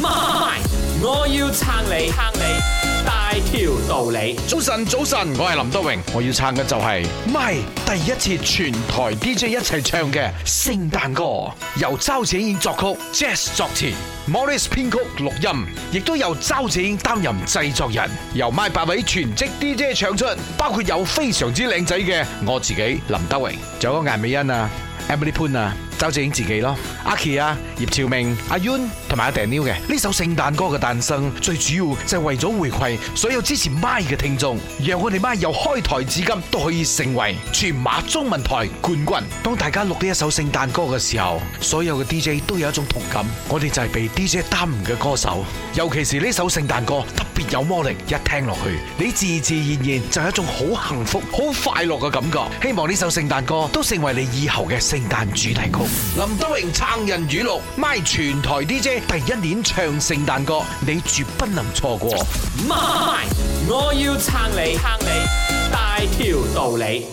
My，我要撐你，撐你大條道理。早晨，早晨，我係林德榮，我要撐嘅就係 My 第一次全台 DJ 一齊唱嘅聖誕歌，由周子演作曲，Jazz 作詞，Morris 編曲錄音，亦都由周子演擔任製作人，由 My 八位全職 DJ 唱出，包括有非常之靚仔嘅我自己林德榮，仲有個顏美欣啊，Emily 潘啊。周志英自己咯，阿 k 啊，葉朝明，阿 y u 同埋阿 d a n 嘅呢首聖誕歌嘅誕生，最主要就係為咗回饋所有支持 m 嘅聽眾，讓我哋 m 由開台至今都可以成為全馬中文台冠軍。當大家錄呢一首聖誕歌嘅時候，所有嘅 DJ 都有一種同感，我哋就係被 DJ 耽誤嘅歌手，尤其是呢首聖誕歌特別有魔力，一聽落去，你自自然然就有一種好幸福、好快樂嘅感覺。希望呢首聖誕歌都成為你以後嘅聖誕主題曲。林德榮撐人語錄，My 全台 DJ 第一年唱聖誕歌，你絕不能錯過。My 我要撐你，撐你大條道理。